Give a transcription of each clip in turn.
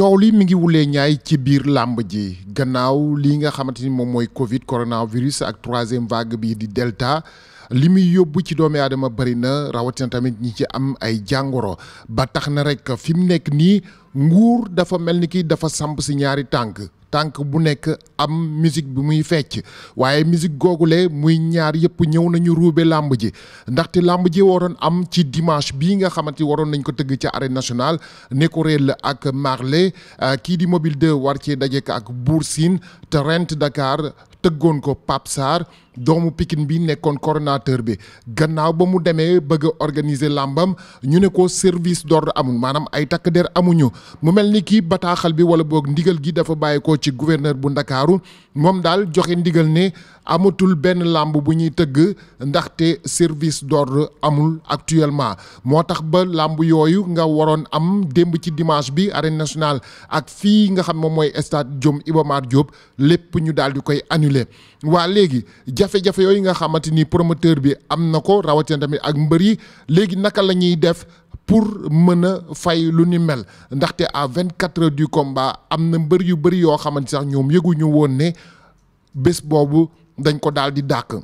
coow lii mi ngi wulee ñaay ci biir làmb ji gannaaw lii nga xamante ni moom mooy Covid coronavirus ak troisième vague bii di Delta li muy yóbbu ci doomi aadama bëri na rawatina tamit ñi ci am ay jàngoro ba tax na rek fi mu nekk nii nguur dafa mel ni kii dafa samp si ñaari tànk tànk bu nekk am musique bi muy fecc waaye musique googule muy ñaar yëpp ñëw nañu ruube làmb ji ndaxte làmb ji waroon am ci dimanche bii nga xamante waroon nañ ko tëgg ci national arène nationale la ak Marley euh, kii di mobile 2 war ci dajeek ak buur siin te rent Dakar tëggoon ko Pape doomu Pikine bi nekkoon coordonnateur bi gannaaw ba mu demee bëgg a organiser làmbam ñu ne ko service door amul maanaam ay takk der amuñu mu mel ni kii bataaxal bi wala boog ndigal gi dafa bàyyi ko ci gouverneur bu ndakaaru moom daal joxe ndigal ne amatul benn làmb bu ñuy tëgg ndaxte service d'ordre amul actuellement moo tax ba làmb yooyu nga waroon am démb ci dimanche bi arène nationale ak fii nga xam moom mooy stade Jom Iba Mar lépp ñu daal di koy annuler waa léegi jafe-jafe yooyu nga xamante ni promoteur bi am na ko rawatina tamit ak mbër yi léegi naka la ñuy def pour mën a fay lu ni mel ndaxte à vingt quatre heures du combat am na mbër yu bëri yoo xamante sax ñoom yëguñu woon ne bés boobu dañ ko daal di dàkk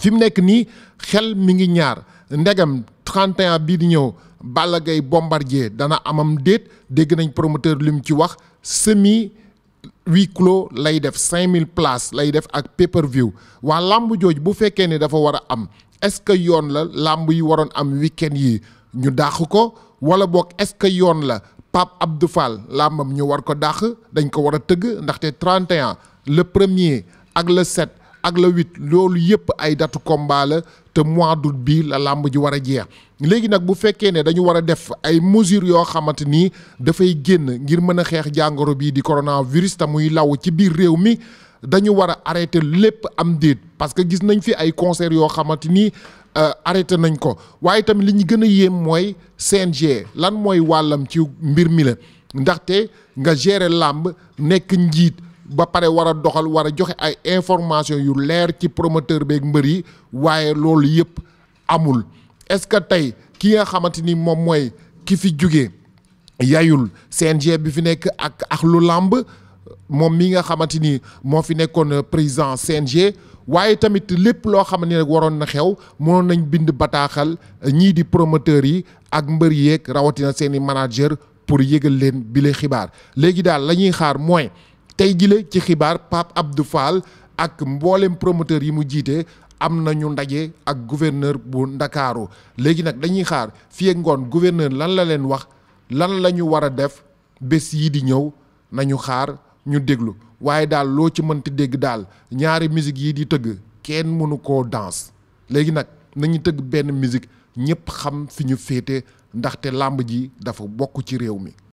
fi mu nekk nii xel mi ngi ñaar ndegam 31 bii di ñëw Balla Gaye Bombardier dana amam déet dégg nañ promoteur li mu ci wax semi huis clos lay def 5000 places lay def ak pay-per-view waa làmb jooju bu fekkee ne dafa war a am est-ce que yoon la làmb yi waroon am week-end yi ñu dàq ko wala boog est-ce que yoon la Pape Abdou Fall làmbam ñu war ko dàq dañ ko war a tëgg ndaxte 31 le premier ak le 7 ak le 8 loolu yëpp ay datu combat te mois d'août bi la làmb ji war a jeex léegi nag bu fekkee ne dañu war a def ay mesures yoo xamante ni dafay génn ngir mën a xeex jàngoro bii di coronavirus te muy law ci biir réew mi. dañu war a arrêté lépp am déet parce que gis nañ fi ay concert yoo xamante ni euh, arrêté nañ ko waaye tamit li ñu gën a yéem mooy CNG lan mooy wàllam ci mbir mi la ndaxte nga gere làmb nekk njiit ba pare war a doxal war a joxe ay information yu leer ci promoteur beeg mbër yi waaye loolu yëpp amul est-ce que tey ki nga xamante ni moom mooy ki fi jóge yayul CNG bi fi nekk ak ak lu làmb moom mi nga xamante ni moo fi nekkoon euh, président CNG waaye tamit lépp loo xam ne nag waroon na xew mënoon nañ bind bataaxal euh, ñii di promoteurs yi ak mbër yeeg rawatina seen i manager pour yëgal leen bile xibaar léegi daal la ñuy xaar mooy tey jile ci xibaar Pape Abdou Fall ak mboolem promoteur yi mu jiite am nañu ndaje ak gouverneur bu Ndakaaru léegi nag dañuy xaar fii ngoon gouverneur lan la leen wax lan la ñu war a def bés yi di ñëw nañu xaar ñu déglu waaye daal loo ci mënti dégg daal ñaari musique yii di tëgg kenn mënu koo danse léegi nag nañu tëgg benn musique ñëpp xam fi ñu féete ndaxte làmb ji dafa bokk ci réew mi